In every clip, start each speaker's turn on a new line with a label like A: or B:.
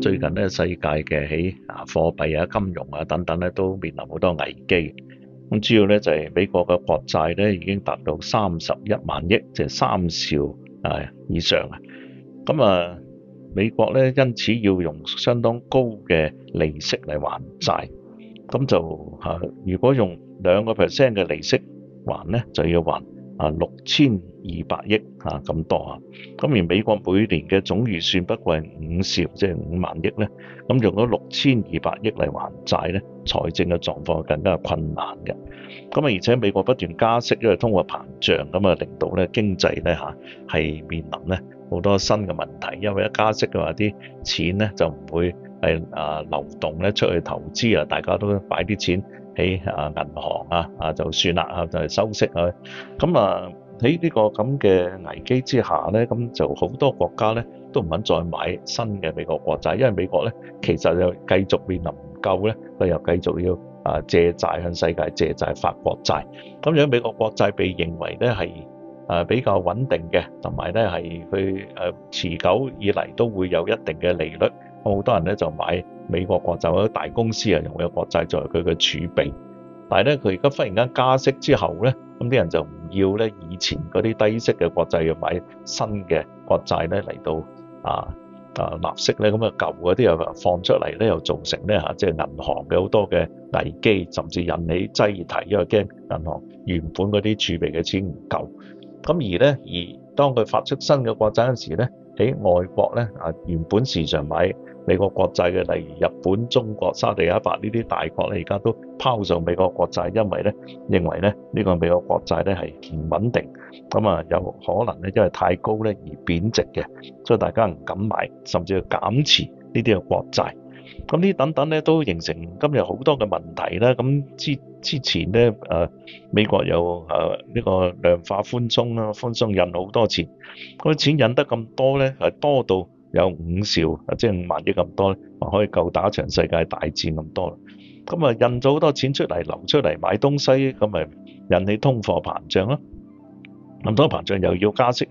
A: 最近咧，世界嘅喺啊貨幣啊、金融啊等等咧，都面臨好多危機。咁主要咧就係美國嘅國債咧已經達到三十一萬億，即係三兆啊以上啊。咁啊，美國咧因此要用相當高嘅利息嚟還債。咁就嚇，如果用兩個 percent 嘅利息還咧，就要還。啊，六千二百億啊，咁多啊！咁而美國每年嘅總預算不過係五兆，即係五萬億咧。咁用咗六千二百億嚟還債咧，財政嘅狀況更加困難嘅。咁啊，而且美國不斷加息，因為通貨膨脹，咁啊，令到咧經濟咧嚇係面臨咧好多新嘅問題。因為一加息嘅話，啲錢咧就唔會係啊流動咧出去投資啊，大家都擺啲錢。喺啊銀行啊，啊就算啦，啊就係收息啊。咁啊喺呢個咁嘅危機之下咧，咁就好多國家咧都唔肯再買新嘅美國國債，因為美國咧其實又繼續面臨唔夠咧，佢又繼續要啊借債，向世界借債，發國債。咁樣美國國債被認為咧係啊比較穩定嘅，同埋咧係佢誒持久以嚟都會有一定嘅利率。咁好多人咧就買。美國國債嗰啲大公司啊，用嘅國債作為佢嘅儲備，但係咧，佢而家忽然間加息之後咧，咁啲人就唔要咧以前嗰啲低息嘅國債，要買新嘅國債咧嚟到啊啊納息咧，咁啊舊嗰啲又放出嚟咧，又造成咧嚇，即、啊、係、就是、銀行嘅好多嘅危機，甚至引起擠提，因為驚銀行原本嗰啲儲備嘅錢唔夠，咁而咧而當佢發出新嘅國債嗰陣時咧，喺外國咧啊原本時常買。美國國債嘅，例如日本、中國、沙地阿拉伯呢啲大國咧，而家都拋售美國國債，因為咧認為咧呢、這個美國國債咧係唔穩定，咁啊有可能咧因為太高咧而貶值嘅，所以大家唔敢買，甚至要減持呢啲嘅國債。咁呢等等咧都形成今日好多嘅問題啦。咁之之前咧，誒、啊、美國有誒呢、啊這個量化寬鬆啦，寬鬆印好多錢，嗰啲錢印得咁多咧，係多到，有五兆即係五萬億咁多，還可以夠打一場世界大戰咁多啦。咁啊，印咗好多錢出嚟，流出嚟買東西，咁咪引起通貨膨脹咯。咁多膨脹又要加息，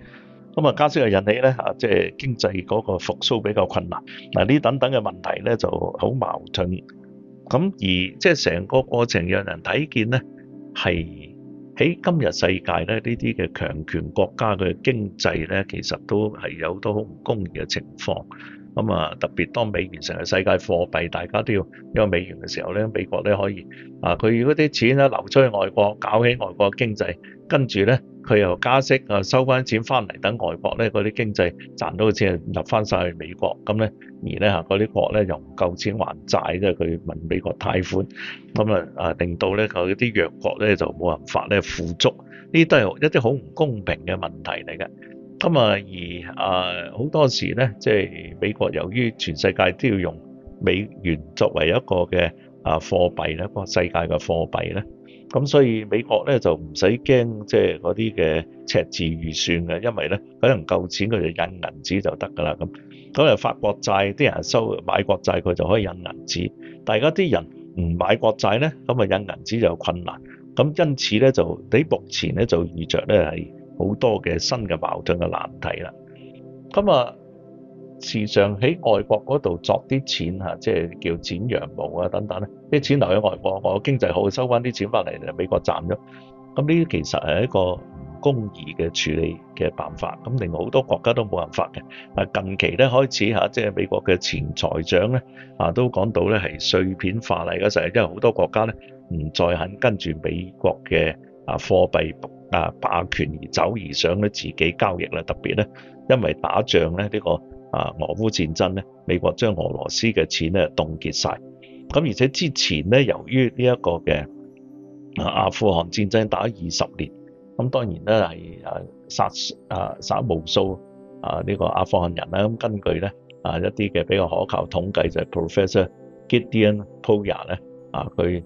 A: 咁啊加息又引起咧吓，即係，啊，就是，經濟嗰個復甦比較困難。嗱，呢等等嘅問題咧就好矛盾。咁而即係成個過程讓人睇見咧係。是喺今日世界咧，呢啲嘅強權國家嘅經濟咧，其實都係有好多好唔公義嘅情況。咁啊，特別當美元成為世界貨幣，大家都要因為美元嘅時候咧，美國咧可以啊，佢如果啲錢咧流出去外國，搞起外國的經濟，跟住咧佢又加息啊，收翻錢翻嚟，等外國咧嗰啲經濟賺到嘅錢啊，納翻曬去美國，咁咧而咧嚇嗰啲國咧又唔夠錢還債，即係佢問美國貸款，咁啊啊，令到咧佢啲弱國咧就冇辦法咧富足，呢啲都係一啲好唔公平嘅問題嚟嘅。咁啊，而好多時咧，即係美國由於全世界都要用美元作為一個嘅啊貨幣，一個世界嘅貨幣咧，咁所以美國咧就唔使驚，即係嗰啲嘅赤字預算嘅，因為咧可能夠錢佢就印銀紙就得㗎啦。咁咁啊，發國債啲人收買國債佢就可以印銀紙，但係而家啲人唔買國債咧，咁啊印銀紙就有困難。咁因此咧就你目前咧就預着咧係。好多嘅新嘅矛盾嘅難題啦，咁啊時常喺外國嗰度作啲錢吓，即係叫剪羊毛啊等等咧，啲錢留喺外國，我經濟好收翻啲錢翻嚟，美國賺咗。咁呢啲其實係一個公義嘅處理嘅辦法，咁令好多國家都冇辦法嘅。啊近期咧開始吓，即係美國嘅前財長咧啊都講到咧係碎片化嚟嘅時候，因為好多國家咧唔再肯跟住美國嘅啊貨幣。啊霸權而走而上咧自己交易啦，特別咧因為打仗咧呢個啊俄烏戰爭咧，美國將俄羅斯嘅錢咧凍結晒。咁而且之前咧，由於呢一個嘅阿富汗戰爭打二十年，咁當然咧係啊殺啊殺無數啊呢個阿富汗人啦。咁根據咧啊一啲嘅比較可靠統計就係 Professor Gideon Poya 咧啊佢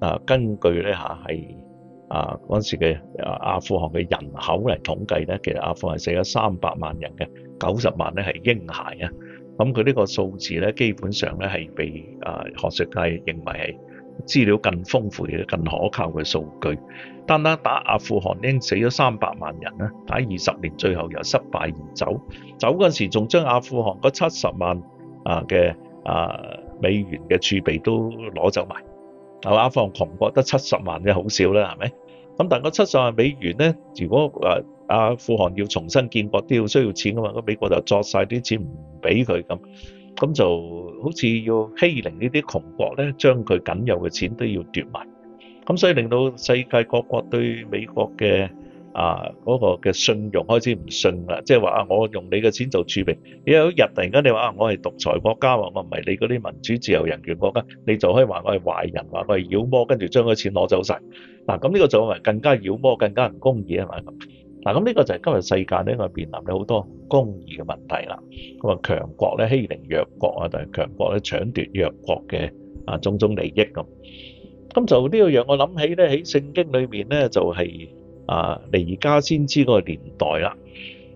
A: 啊根據咧嚇係。啊！嗰陣時嘅阿富汗嘅人口嚟統計咧，其實阿富汗死咗三百萬人嘅，九十萬咧係嬰孩啊。咁佢呢個數字咧，基本上咧係被啊學術界認為係資料更豐富嘅、更可靠嘅數據。單單打阿富汗已經死咗三百萬人啦，打二十年最後又失敗而走，走嗰陣時仲將阿富汗嗰七十萬的啊嘅啊美元嘅儲備都攞走埋。係嘛？阿富汗窮國得七十萬，就好少啦，係咪？咁但係個七十萬美元咧，如果話阿富汗要重新建國都要需要錢㗎嘛，個美國就作晒啲錢唔俾佢咁，咁就好似要欺凌呢啲窮國咧，將佢僅有嘅錢都要奪埋。咁所以令到世界各國對美國嘅啊！嗰、那個嘅信用開始唔信啦，即係話啊，我用你嘅錢做儲備，有一日突然間你話啊，我係獨裁國家喎，我唔係你嗰啲民主自由人權國家，你就可以話我係壞人，話我係妖魔，跟住將嗰啲錢攞走晒。嗱、啊，咁呢個就係更加妖魔，更加唔公義啊嘛。嗱，咁呢個就係今日世界咧，我面臨咗好多公義嘅問題啦。咁啊，強國咧欺凌弱國啊，定係強國咧搶奪弱國嘅啊，種種利益咁。咁就呢個讓我諗起咧，喺聖經裏面咧就係、是。啊！彌迦先知個年代啦，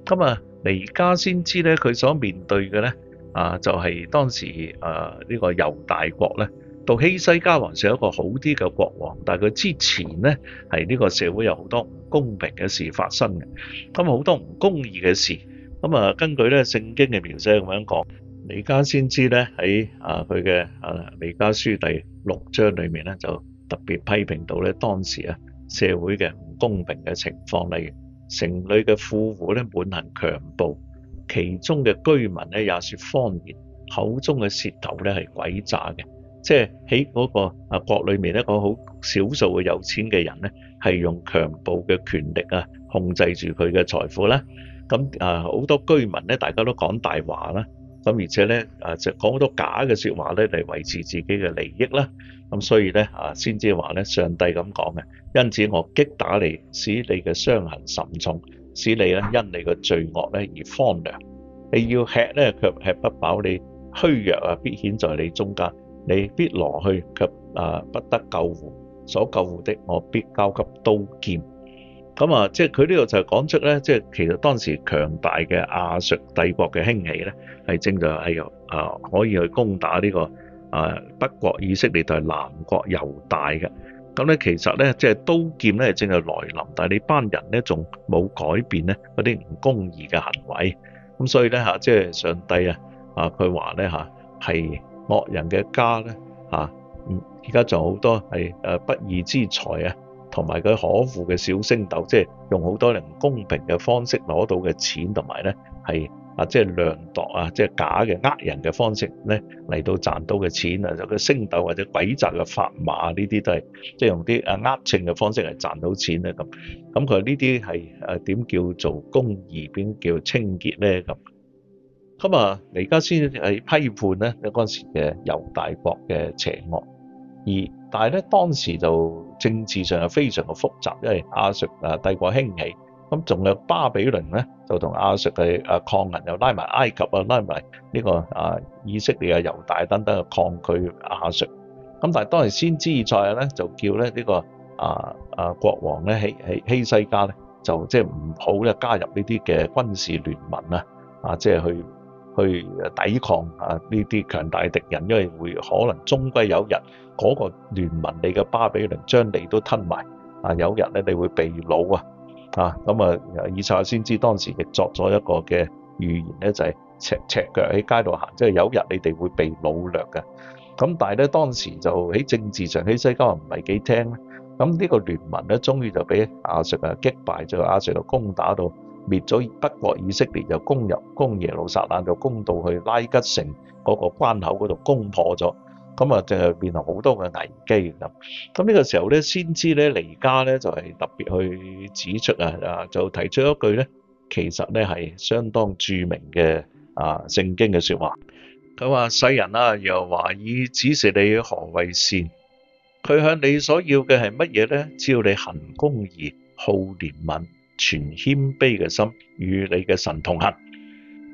A: 咁啊彌迦先知咧，佢所面對嘅咧啊，就係當時誒呢個猶大國咧，到希西家王是一個好啲嘅國王，但係佢之前咧係呢個社會有好多唔公平嘅事發生嘅，咁好多唔公義嘅事。咁啊，根據咧聖經嘅描寫咁樣講，彌迦先知咧喺啊佢嘅啊彌迦書第六章裏面咧就特別批評到咧當時啊。社會嘅唔公平嘅情況，嚟，城裏嘅富戶咧滿行強暴，其中嘅居民咧也說謊言，口中嘅舌頭咧係詭詐嘅，即係喺嗰個啊國裏面咧，嗰好少數嘅有錢嘅人咧係用強暴嘅權力啊控制住佢嘅財富啦，咁啊好多居民咧大家都講大話啦。咁而且呢，啊就講好多假嘅說話呢嚟維持自己嘅利益啦。咁所以呢，啊先至話呢，上帝咁講嘅。因此我擊打你，使你嘅傷痕甚重，使你呢因你嘅罪惡呢而荒涼。你要吃呢，卻吃不飽；你虛弱啊，必顯在你中間。你必挪去，卻啊不得救護。所救護的，我必交給刀劍。咁啊，即係佢呢度就講出咧，即係其實當時強大嘅亞述帝國嘅興起咧，係正在係由啊可以去攻打呢個啊北國以色列同埋南國猶大嘅。咁咧其實咧，即係刀劍咧正就來臨，但係你班人咧仲冇改變咧嗰啲唔公義嘅行為。咁所以咧嚇，即係上帝啊啊，佢話咧嚇係惡人嘅家咧嚇，而家仲好多係誒不義之財啊！同埋佢可惡嘅小升斗，即係用好多唔公平嘅方式攞到嘅錢，同埋咧係啊，即係量度啊，即係假嘅呃人嘅方式咧嚟到賺到嘅錢啊，就個升斗或者詭詐嘅法碼呢啲都係即係用啲啊呃秤嘅方式嚟賺到錢啊咁。咁佢呢啲係點叫做公義，點叫清潔咧咁？咁啊，你而家先係批判咧嗰陣時嘅猶大國嘅邪惡二。但係咧，當時就政治上係非常嘅複雜，因為亞述帝國興起，咁仲有巴比倫呢，就同亞述嘅抗衡又拉埋埃及又拉埋呢、這個、啊、以色列啊猶大等等抗拒亞述。咁但係當時先知以賽呢，就叫咧、這、呢個啊啊國王呢，希希西家呢，就即係唔好加入呢啲嘅軍事聯盟啊啊即係去。去抵抗啊！呢啲強大敵人，因為會可能終歸有日，嗰、嗰個聯盟你嘅巴比倫將你都吞埋。啊，就是就是、有日咧，你會被擄啊！啊，咁啊，以察先知當時亦作咗一個嘅預言咧，就係赤赤腳喺街度行，即係有日你哋會被擄掠嘅。咁但係咧，當時就喺政治上喺西郊唔係幾聽。咁呢個聯盟咧，終於就俾亞述啊擊敗，就亞述就攻打到。滅咗北國以色列，就攻入攻耶路撒冷，就攻到去拉吉城嗰個關口嗰度攻破咗。咁啊，就係變成好多嘅危機啦。咁呢個時候咧，先知咧彌迦咧就係特別去指出啊，就提出一句咧，其實咧係相當著名嘅啊聖經嘅説話。佢話世人啊，耶和華已指示你何為善？佢向你所要嘅係乜嘢咧？只要你行公義、好憐憫。全謙卑嘅心，與你嘅神同行。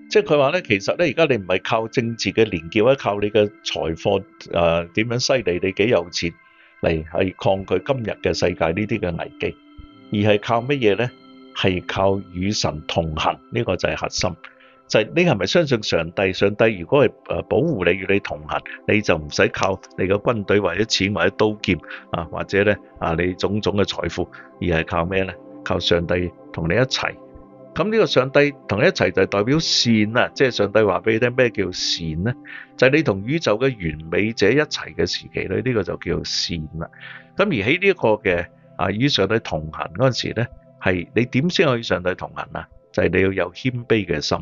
A: 即係佢話咧，其實咧，而家你唔係靠政治嘅連結，一靠你嘅財貨誒，點、呃、樣犀利，你幾有錢嚟係抗拒今日嘅世界呢啲嘅危機，而係靠乜嘢咧？係靠與神同行，呢、這個就係核心。就係、是、你係咪相信上帝？上帝如果係誒保護你，與你同行，你就唔使靠你嘅軍隊，或者錢，或者刀劍啊，或者咧啊，你種種嘅財富，而係靠咩咧？求上帝同你一齊，咁呢個上帝同你一齊就代表善啦。即係上帝話俾你聽咩叫善咧，就係你同宇宙嘅完美者一齊嘅時期咧，呢個就叫善啦。咁而喺呢一個嘅啊與上帝同行嗰陣時咧，係你點先可以與上帝同行啊？就係你要有謙卑嘅心。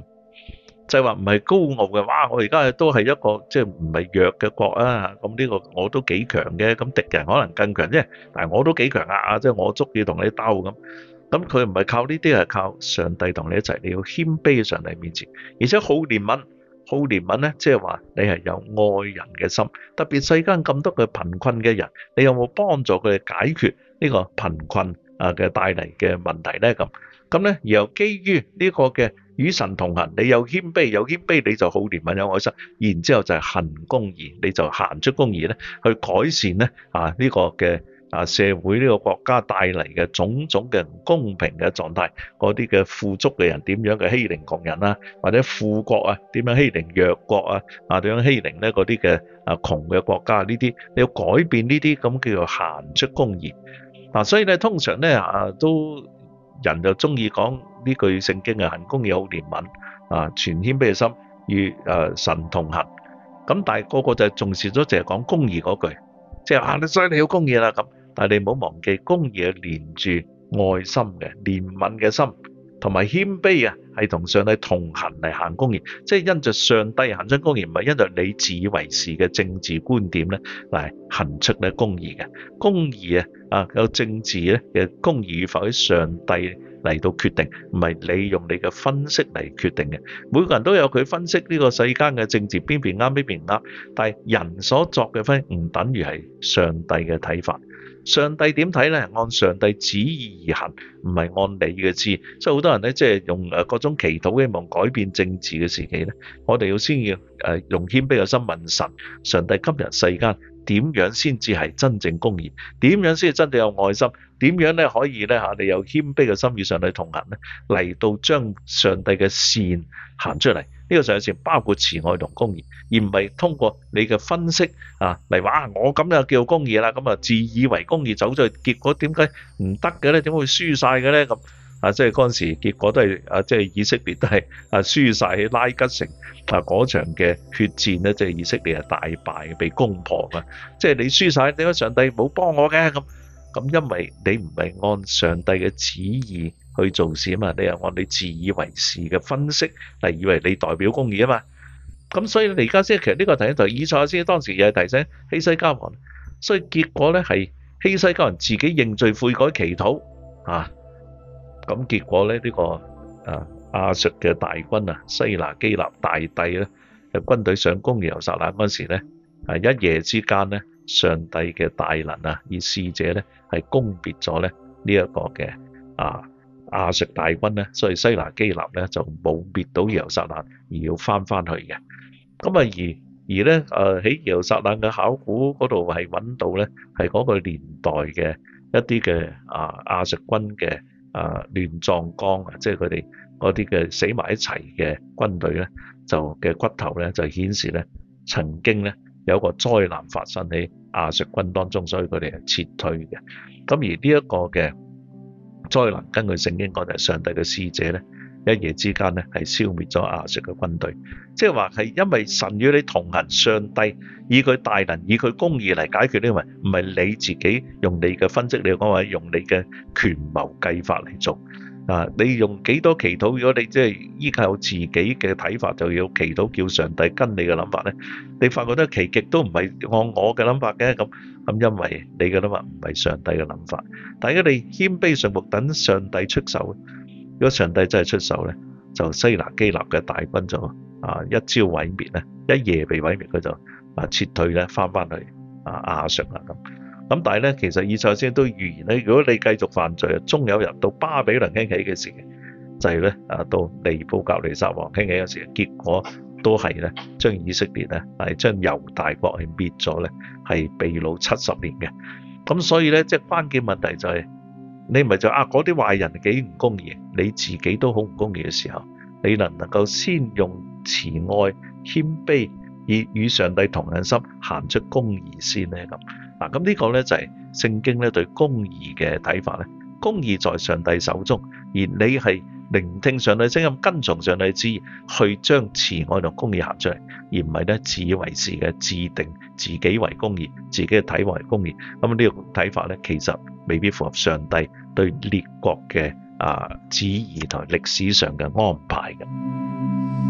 A: 就係話唔係高傲嘅，話我而家都係一個即係唔係弱嘅國啊，咁呢個我都幾強嘅，咁敵人可能更強，即係但係我都幾強啊，即係我足以同你鬥咁。咁佢唔係靠呢啲，係靠上帝同你一齊，你要謙卑喺上帝面前，而且好憐憫，好憐憫咧，即係話你係有愛人嘅心，特別世間咁多嘅貧困嘅人，你有冇幫助佢哋解決呢個貧困啊嘅帶嚟嘅問題咧？咁咁咧，然後基於呢個嘅。與神同行，你有謙卑，有謙卑你就好憐憫、有愛心，然之後就係行公義，你就行出公義咧，去改善咧啊呢個嘅啊社會呢個國家帶嚟嘅種種嘅唔公平嘅狀態，嗰啲嘅富足嘅人點樣嘅欺凌窮人啦，或者富國啊點樣欺凌弱國啊啊點樣欺凌咧嗰啲嘅啊窮嘅國家呢啲，你要改變呢啲咁叫做行出公義嗱、啊，所以咧通常咧啊都人就中意講。呢句聖經啊，行公義好憐憫啊，存謙卑嘅心與誒神同行。咁但係個個就重視咗，淨係講公義嗰句，即係話、啊、你所以你要公義啦咁。但係你唔好忘記，公義係連住愛心嘅、憐憫嘅心，同埋謙卑啊，係同上帝同行嚟行公義。即係因着上帝行真公義，唔係因着你自以為是嘅政治觀點咧嚟行出咧公義嘅公義啊！啊有政治咧嘅公義，發乎上帝。嚟到決定，唔係你用你嘅分析嚟決定嘅。每個人都有佢分析呢個世間嘅政治，邊邊啱邊邊唔啱，但係人所作嘅分析唔等於係上帝嘅睇法。上帝點睇呢？按上帝旨意而行，唔係按你嘅知。所以好多人呢，即係用誒各種祈禱，希望改變政治嘅時期呢，我哋要先要誒用謙卑嘅心問神。上帝給人世間。點樣先至係真正公義？點樣先至真正有愛心？點樣咧可以咧吓你有謙卑嘅心與上帝同行咧？嚟到將上帝嘅善行出嚟，呢、這個上帝善包括慈愛同公義，而唔係通過你嘅分析啊嚟話我咁樣叫公義啦，咁啊自以為公義走出去。」結果點解唔得嘅咧？點會輸晒嘅咧？咁？啊！即係嗰陣時，結果都係啊！即係以色列都係啊，輸晒喺拉吉城啊嗰場嘅血戰咧，即係以色列係大敗嘅，被攻破啊！即係你輸晒，你點解上帝冇幫我嘅咁咁？因為你唔係按上帝嘅旨意去做事嘛，你係按你自以為是嘅分析嚟，以為你代表公義啊嘛。咁所以你而家先，其實呢個提一提以賽先當時又係提醒希西家王，所以結果咧係希西家王自己認罪悔改祈禱啊。咁結果咧，呢、這個啊亞述嘅大軍啊，西拿基立大帝咧嘅軍隊上攻耶路撒冷嗰陣時咧，係一夜之間咧，上帝嘅大能啊，而使者咧係攻滅咗咧呢一個嘅啊亞述大軍咧，所以西拿基立咧就冇滅到耶路撒冷，而要翻翻去嘅。咁啊，而而咧，誒喺耶路撒冷嘅考古嗰度係揾到咧，係嗰個年代嘅一啲嘅啊亞述軍嘅。啊，亂葬崗，啊，即係佢哋嗰啲嘅死埋一齊嘅軍隊咧，就嘅骨頭咧就顯示咧，曾經咧有一個災難發生喺亞述軍當中，所以佢哋係撤退嘅。咁而呢一個嘅災難，根據聖經講就係、是、上帝嘅使者咧。一夜之間咧，係消滅咗亞述嘅軍隊。即係話係因為神與你同行，上帝以佢大能、以佢公義嚟解決呢啲問題，唔係你自己用你嘅分析、你嘅講話，用你嘅權謀計法嚟做。嗱，你用幾多祈禱？如果你即係依靠自己嘅睇法，就要祈禱叫上帝跟你嘅諗法咧。你發覺都奇極都唔係按我嘅諗法嘅咁咁，因為你嘅諗法唔係上帝嘅諗法。但係如果你謙卑順服，等上帝出手。如果上帝真係出手咧，就西拿基立嘅大軍就啊一朝毀滅咧，一夜被毀滅佢就啊撤退咧，翻翻去啊亞述啊咁。咁但係咧，其實以賽先都預言咧，如果你繼續犯罪，終有日到巴比倫興起嘅時候，就係咧啊到尼布甲尼撒王興起嗰時，結果都係咧將以色列咧係將猶大國去滅咗咧，係被擄七十年嘅。咁所以咧，即係關鍵問題就係、是。你咪就啊，嗰啲壞人幾唔公義，你自己都好唔公義嘅時候，你能唔能夠先用慈愛、謙卑而與上帝同仁心行出公義先咧咁。嗱，咁、啊、呢個咧就係、是、聖經咧對公義嘅睇法咧，公義在上帝手中，而你係。聆聽上帝聲音，跟從上帝旨意，去將慈愛同公義行出嚟，而唔係咧自以為是嘅制定自己為公義，自己嘅睇為公義。咁呢個睇法咧，其實未必符合上帝對列國嘅啊旨意同埋歷史上嘅安排嘅。